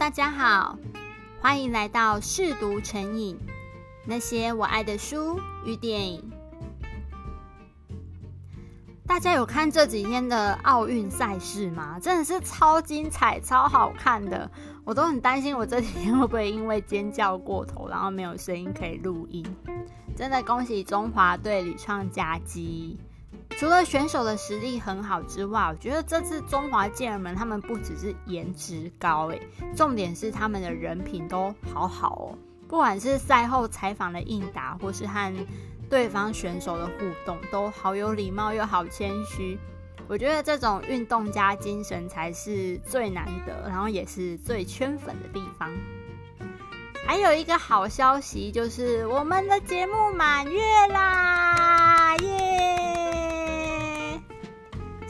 大家好，歡迎來到嗜讀沉影。那些我愛的書與電影，大家有看這幾天的奧運賽事嗎？真的是超精彩、超好看的。我都很擔心，我這幾天會不會因為尖叫過頭，然後沒有聲音可以録音？真的恭喜中華隊屢創佳績！除了選手的實力很好之外，我覺得這次中華健兒們他們不只是顏值高，欸，重點是他們的人品都好好哦、喔。不管是賽後採訪的應答，或是和對方選手的互動，都好有禮貌又好謙虛。我覺得這種運動家精神才是最難得，然後也是最圈粉的地方。還有一個好消息，就是我們的節目滿月啦！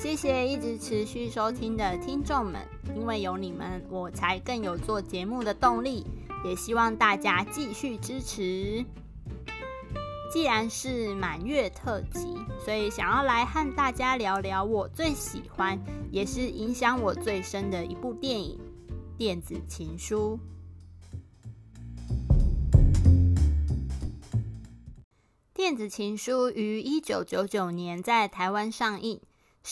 謝謝一直持續收聽的聽眾們，因為有你們，我才更有做節目的動力，也希望大家繼續支持。既然是滿月特輯，所以想要來和大家聊聊我最喜歡，也是影響我最深的一部電影《電子情書》。《電子情書》於一九九九年在台灣上映。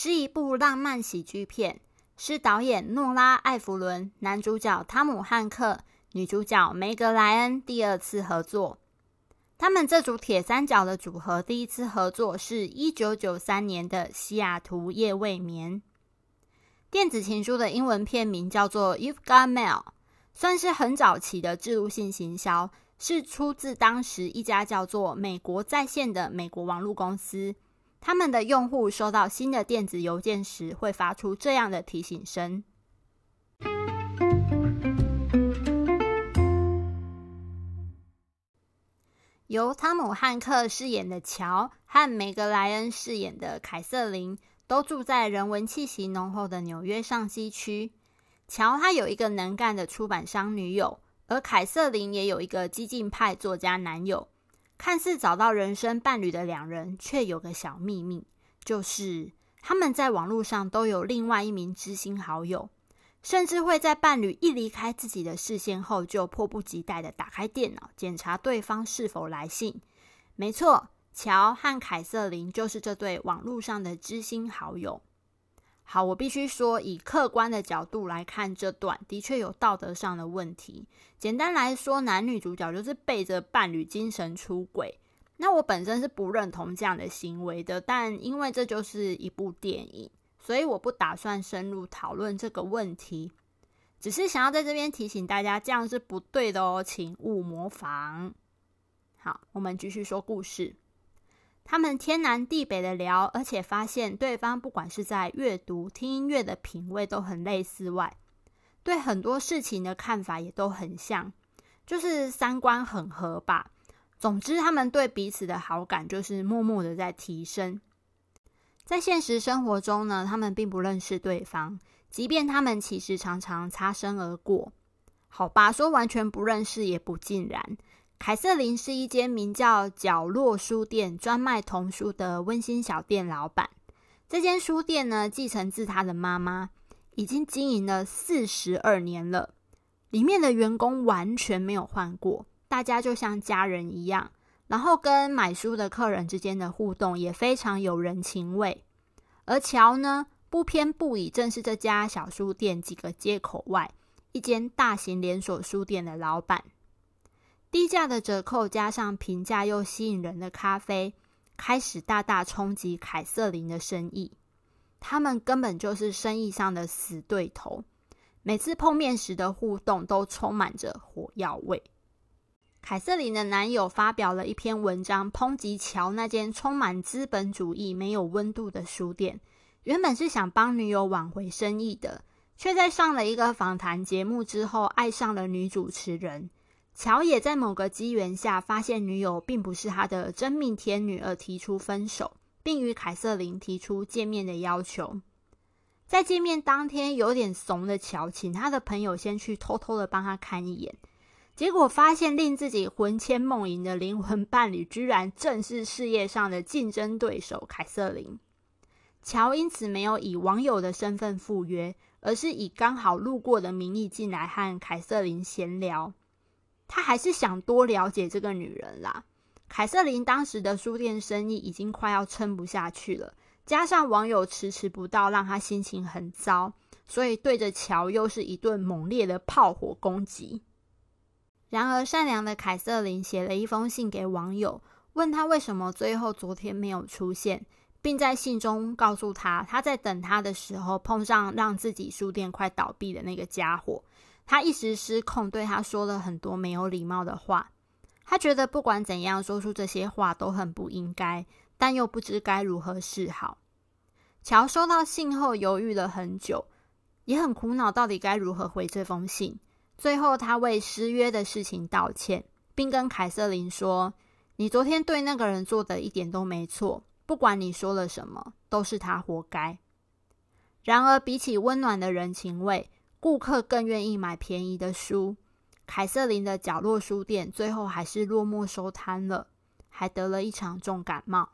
是一部浪漫喜劇片，是導演諾拉·艾弗倫、男主角湯姆·漢克、女主角梅格·萊恩第二次合作。他們這組鐵三角的組合第一次合作是一九九三年的《西雅圖夜未眠》。電子情書的英文片名叫做《You've Got Mail》，算是很早期的置入性行銷，是出自當時一家叫做美國在線的美國網絡公司。他們的用戶收到新的電子郵件時，會發出這樣的提醒聲。由湯姆·漢克飾演的喬和梅格·萊恩飾演的凱瑟琳都住在人文氣息濃厚的紐約上西區。喬他有一個能幹的出版商女友，而凱瑟琳也有一個激進派作家男友。看似找到人生伴侶的兩人，卻有個小秘密，就是他們在網路上都有另外一名知心好友，甚至會在伴侶一離開自己的視線後，就迫不及待的打開電腦檢查對方是否來信。沒錯，喬和凱瑟琳就是這對網路上的知心好友。好，我必須說，以客觀的角度來看，這段的確有道德上的問題。簡單來說，男女主角就是背着伴侶精神出軌。那我本身是不認同這樣的行為的，但因為這就是一部電影，所以我不打算深入討論這個問題，只是想要在這邊提醒大家，這樣是不對的哦，請勿模仿。好，我們繼續說故事。他們天南地北的聊，而且發現對方不管是在閱讀、聽音樂的品味都很類似外，對很多事情的看法也都很像，就是三觀很合吧。總之，他們對彼此的好感就是默默的在提升。在現實生活中呢，他們並不認識對方，即便他們其實常常擦身而過。好吧，說完全不認識也不盡然。凱瑟琳是一間名叫“角落書店”，專賣童書的溫馨小店老板。這間書店呢，繼承自她的媽媽，已經經營了四十二年了。裡面的員工完全沒有換過，大家就像家人一樣。樣，然後跟買書的客人之間的互動也非常有人情味。而喬呢，不偏不倚，正是這家小書店幾個街口外一間大型連鎖書店的老板。低價的折扣加上平價又吸引人的咖啡，開始大大衝擊凱瑟琳的生意。他們根本就是生意上的死對頭，每次碰面時的互動都充滿着火藥味。凱瑟琳的男友發表了一篇文章，抨擊喬那間充滿資本主義、沒有溫度的書店。原本是想幫女友挽回生意的，卻在上了一個訪談節目之後，愛上了女主持人。喬也在某個機緣下發現女友並不是他的真命天女，而提出分手，並與凱瑟琳提出見面的要求。在見面當天，有點慫的喬請他的朋友先去偷偷的幫他看一眼，結果發現令自己魂牽夢縈的靈魂伴侶居然正是事業上的競爭對手凱瑟琳。喬因此沒有以網友的身份赴約，而是以剛好路過的名義進來和凱瑟琳閒聊。他還是想多了解這個女人啦。凱瑟琳當時的書店生意已經快要撐不下去了，加上網友遲遲不到，讓他心情很糟，所以對着喬又是一頓猛烈的炮火攻擊。然而，善良的凱瑟琳寫了一封信給網友，問他為什麼最後昨天沒有出現，並在信中告訴他，他在等他的時候碰上讓自己書店快倒閉的那個家伙。他一時失控，對他說了很多沒有禮貌的話。他覺得不管怎樣說出這些話都很不應該，但又不知該如何是好。喬收到信後猶豫了很久，也很苦惱，到底該如何回這封信。最後，他為失約的事情道歉，並跟凱瑟琳說：“你昨天對那個人做的一點都沒錯，不管你說了什麼，都是他活該。”然而，比起溫暖的人情味，顧客更願意買便宜的書。凱瑟琳的角落書店最後還是落寞收攤了，還得了一場重感冒。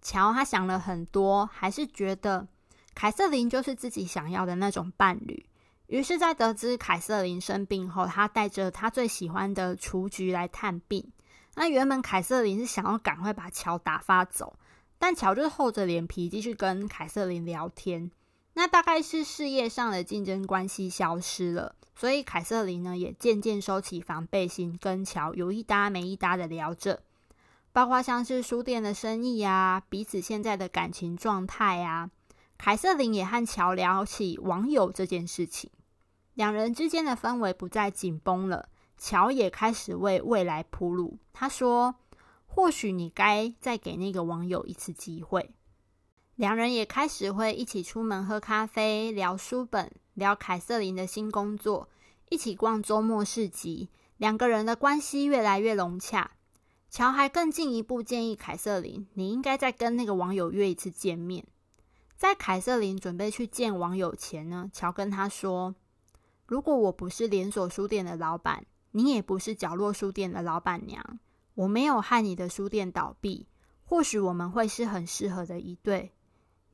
喬他想了很多，還是覺得凱瑟琳就是自己想要的那種伴侶。於是，在得知凱瑟琳生病後，他帶着他最喜歡的雛菊來探病。那原本凱瑟琳是想要趕快把喬打發走，但喬就是厚着臉皮繼續跟凱瑟琳聊天。那大概是事業上的競爭關係消失了，所以凱瑟琳呢也漸漸收起防備心，跟喬有一搭沒一搭的聊着，包括像是書店的生意啊，彼此現在的感情狀態啊。凱瑟琳也和喬聊起網友這件事情，兩人之間的氛圍不再緊繃了。喬也開始為未來鋪路，他說：“或許你該再給那個網友一次機會。”兩人也開始會一起出門喝咖啡，聊書本，聊凱瑟琳的新工作，一起逛週末市集。兩個人的關係越來越融洽。喬還更進一步建議凱瑟琳：“你應該再跟那個網友約一次見面。”在凱瑟琳準備去見網友前呢，喬跟他說：“如果我不是連鎖書店的老闆，你也不是角落書店的老闆娘，我沒有害你的書店倒閉，或許我們會是很適合的一對。”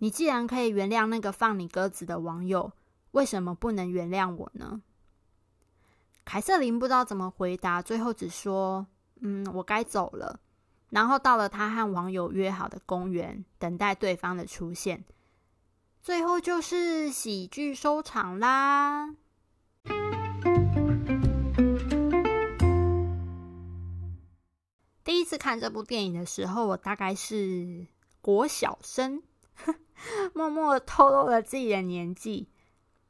你既然可以原諒那個放你鴿子的網友，為什麼不能原諒我呢？凱瑟琳不知道怎麼回答，最後只說：“嗯，我該走了。”然後到了他和網友約好的公園，等待對方的出現。最後就是喜劇收場啦。第一次看這部電影的時候，我大概是國小生。 默默透露了自己的年紀。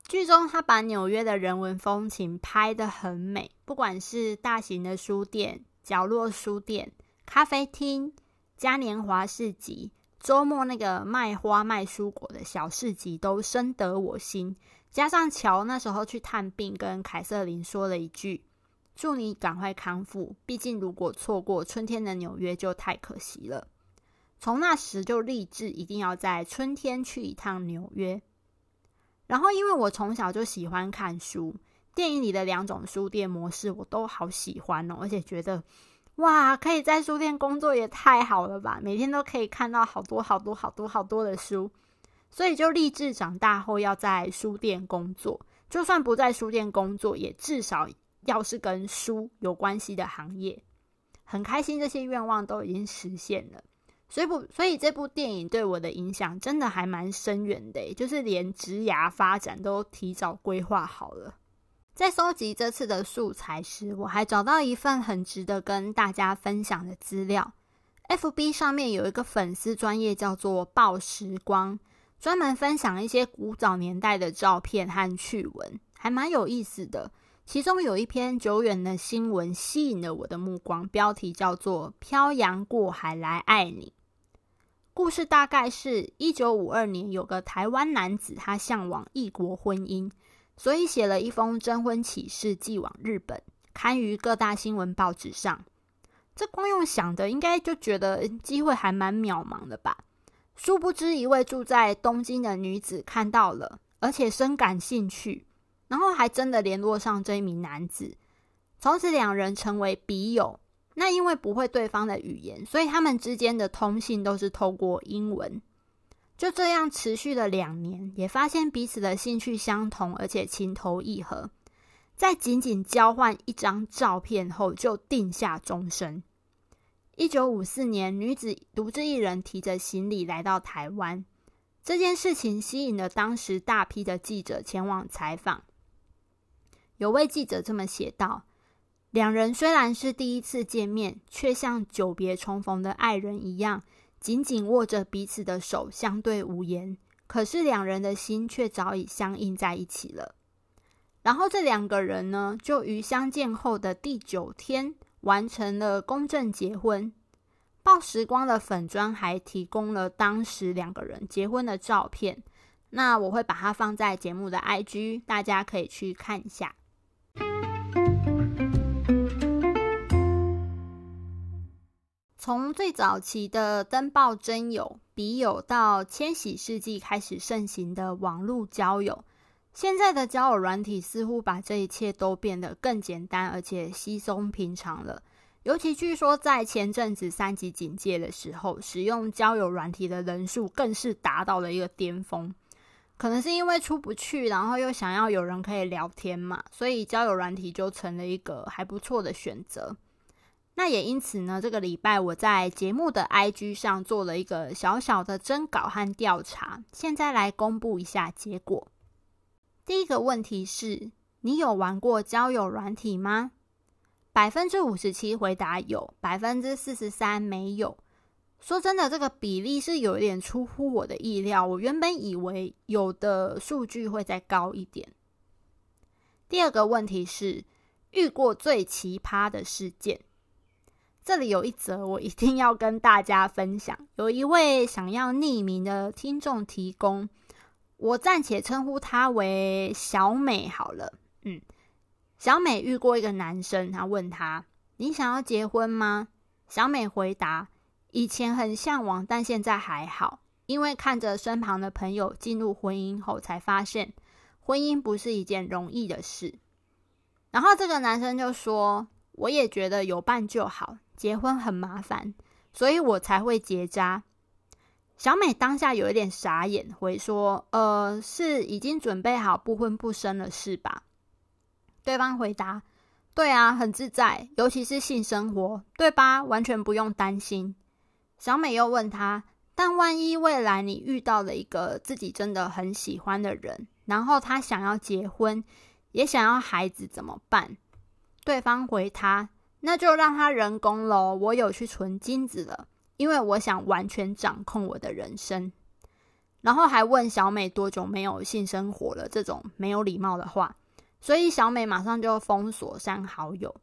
劇中，他把紐約的人文風情拍得很美，不管是大型的書店、角落書店、咖啡廳、嘉年華市集、周末那個賣花賣蔬果的小市集，都深得我心。加上喬那時候去探病，跟凱瑟琳說了一句：“祝你趕快康復，畢竟如果錯過春天的紐約，就太可惜了。”從那時就立志，一定要在春天去一趟紐約。然後，因為我從小就喜歡看書，電影裡的兩種書店模式我都好喜歡哦，而且覺得哇，可以在書店工作也太好了吧！每天都可以看到好多好多好多好多的書，所以就立志長大後要在書店工作。就算不在書店工作，也至少要是跟書有關係的行業。很開心，這些願望都已經實現了。所以，部，所以這部電影對我的影響真的還蠻深遠的，就是連職涯發展都提早規劃好了。在蒐集這次的素材時，我還找到一份很值得跟大家分享的資料。FB 上面有一個粉絲專頁叫做“報時光”，專門分享一些古早年代的照片和趣聞，還蠻有意思的。其中有一篇久遠的新聞吸引了我的目光，標題叫做《漂洋過海來愛你》。故事大概是一九五二年，有個台灣男子，他向往異國婚姻，所以寫了一封徵婚啟事寄往日本，刊於各大新聞報紙上。這光用想的，應該就覺得機會還蠻渺茫的吧？殊不知，一位住在東京的女子看到了，而且深感興趣。然後還真的聯絡上這一名男子，從此兩人成為筆友。那因為不會對方的語言，所以他們之間的通信都是透過英文。就這樣持續了兩年，也發現彼此的興趣相同，而且情投意合。在僅僅交換一張照片後，就定下終身。一九五四年，女子獨自一人提着行李來到台灣，這件事情吸引了當時大批的記者前往採訪。有位記者這麼寫道：“兩人雖然是第一次見面，卻像久別重逢的愛人一樣，緊緊握着彼此的手，相對無言。可是兩人的心卻早已相印在一起了。”然後這兩個人呢，就於相見後的第九天完成了公證結婚。報時光的粉專還提供了當時兩個人結婚的照片，那我會把它放在節目的 IG，大家可以去看一下。從最早期的登報徵友、筆友，到千禧世紀開始盛行的網絡交友，現在的交友軟體似乎把這一切都變得更簡單，而且稀鬆平常了。尤其據說在前陣子三級警戒的時候，使用交友軟體的人數更是達到了一個巔峰。可能是因為出不去，然後又想要有人可以聊天嘛，所以交友軟體就成了一個還不錯的選擇。那也因此呢，這個禮拜我在節目的 IG 上做了一個小小的徵稿和調查，現在來公布一下結果。第一個問題是：你有玩過交友軟體嗎？百分之五十七回答有，百分之四十三沒有。說真的，這個比例是有一點出乎我的意料。我原本以為有的數據會再高一點。第二個問題是：遇過最奇葩的事件？這裡有一則，我一定要跟大家分享。有一位想要匿名的聽眾提供，我暫且稱呼他為小美好了。嗯，小美遇過一個男生，他問他：“你想要結婚嗎？”小美回答：“以前很向往，但現在還好，因為看着身旁的朋友進入婚姻後，才發現婚姻不是一件容易的事。”然後這個男生就說：“我也覺得有伴就好。”結婚很麻煩，所以我才會結紮。小美當下有一點傻眼，回說：“呃，是已經準備好不婚不生了，是吧？”對方回答：“對啊，很自在，尤其是性生活，對吧？完全不用擔心。”小美又問他：“但萬一未來你遇到了一個自己真的很喜歡的人，然後他想要結婚，也想要孩子，怎麼辦？”對方回他。那就讓他人工咯。我有去存精子了，因為我想完全掌控我的人生。然後還問小美多久沒有性生活了，這種沒有禮貌的話，所以小美馬上就封鎖刪好友。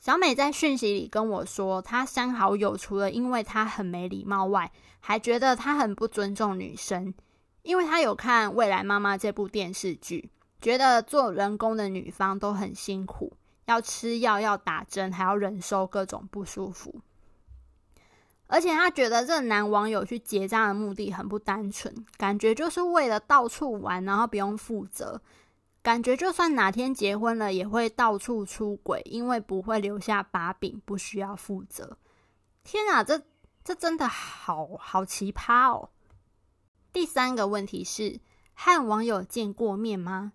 小美在訊息裡跟我說，她刪好友除了因為她很沒禮貌外，還覺得她很不尊重女生，因為她有看《未來媽媽》這部電視劇，覺得做人工的女方都很辛苦。要吃藥，要打針，還要忍受各種不舒服，而且他覺得這男網友去結紮的目的很不單純，感覺就是為了到處玩，然後不用負責，感覺就算哪天結婚了，也會到處出軌，因為不會留下把柄，不需要負責。天啊，這這真的好好奇葩哦！第三個問題是，和網友見過面嗎？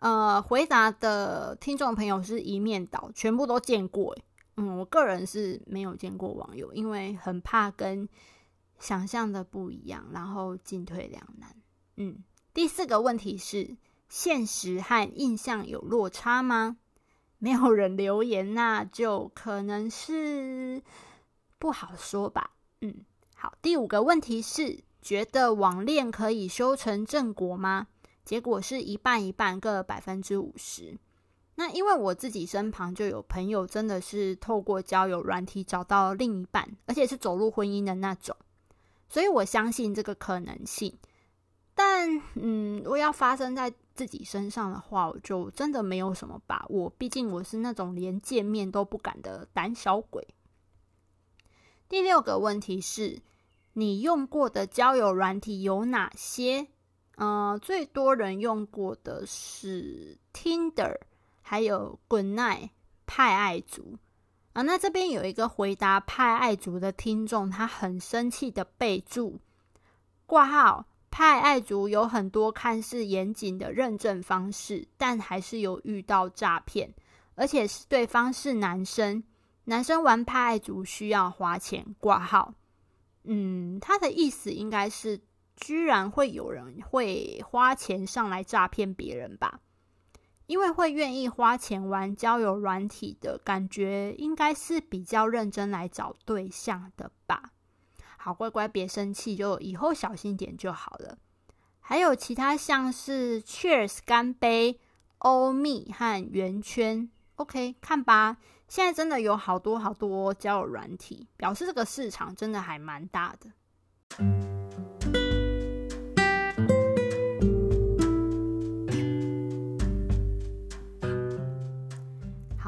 呃，回答的聽眾朋友是一面倒，全部都見過欸。嗯，我個人是沒有見過網友，因為很怕跟想象的不一樣，然後進退兩難。嗯，第四個問題是，現實和印象有落差嗎？沒有人留言，那就可能是不好說吧。嗯，好，第五個問題是，覺得網戀可以修成正果嗎？結果是一半一半，各百分之五十。那因為我自己身旁就有朋友真的是透過交友軟體找到另一半，而且是走入婚姻的那種，所以我相信這個可能性。但嗯，如果要發生在自己身上的話，我就真的沒有什麼把握。畢竟我是那種連見面都不敢的膽小鬼。第六個問題是：你用過的交友軟體有哪些？呃，最多人用過的是 Tinder，還有 Good night、派愛族啊。那這邊有一個回答派愛族的聽眾，他很生氣的備註：掛號派愛族有很多看似嚴謹的認證方式，但還是有遇到詐騙，而且是對方是男生。男生玩派愛族需要花錢掛號。嗯，他的意思應該是。居然會有人會花錢上來詐騙別人吧？因為會願意花錢玩交友軟體的感覺，應該是比較認真來找對象的吧？好，乖乖別生氣，就以後小心點就好了。還有其他像是 Cheers 乾杯、Omi 和圓圈。OK，看吧，現在真的有好多好多交友軟體，表示這個市場真的還蠻大的。嗯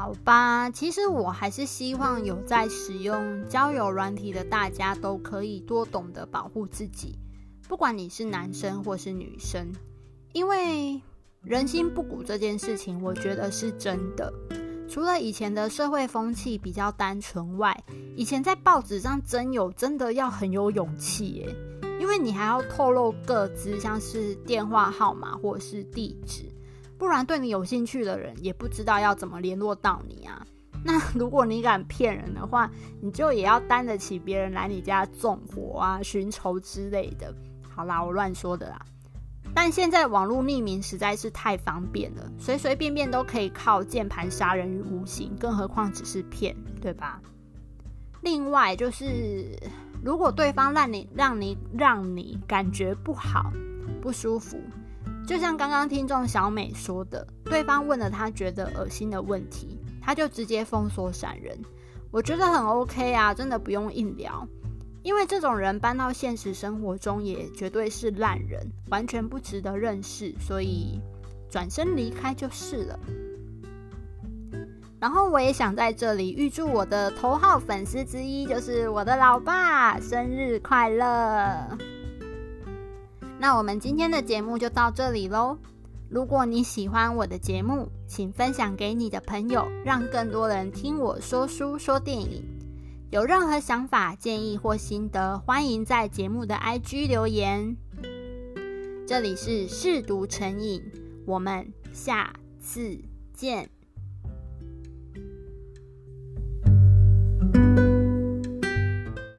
好吧，其實我還是希望有在使用交友軟體的大家都可以多懂得保護自己，不管你是男生或是女生，因為人心不古這件事情，我覺得是真的。除了以前的社會風氣比較單純外，以前在報紙上徵友真的要很有勇氣耶，欸，因為你還要透露個資，像是電話號碼或是地址。不然對你有興趣的人也不知道要怎麼聯絡到你啊。那如果你敢騙人的話，你就也要擔得起別人來你家縱火啊、尋仇之類的。好啦，我亂說的啦。但現在網絡匿名實在是太方便了，隨隨便便都可以靠鍵盤殺人於無形，更何況只是騙，對吧？另外就是，如果對方讓你、讓你、讓你感覺不好、不舒服。就像剛剛聽眾小美說的，對方問了她覺得噁心的問題，她就直接封鎖閃人。我覺得很 OK 啊，真的不用硬聊，因為這種人搬到現實生活中也絕對是爛人，完全不值得認識，所以轉身離開就是了。然後我也想在這裡預祝我的頭號粉絲之一，就是我的老爸，生日快樂！那我們今天的節目就到這裡嘍。如果你喜歡我的節目，請分享給你的朋友，讓更多人聽我說書說電影。有任何想法、建議或心得，歡迎在節目的 IG 留言。這裡是嗜讀沉影，我們下次見。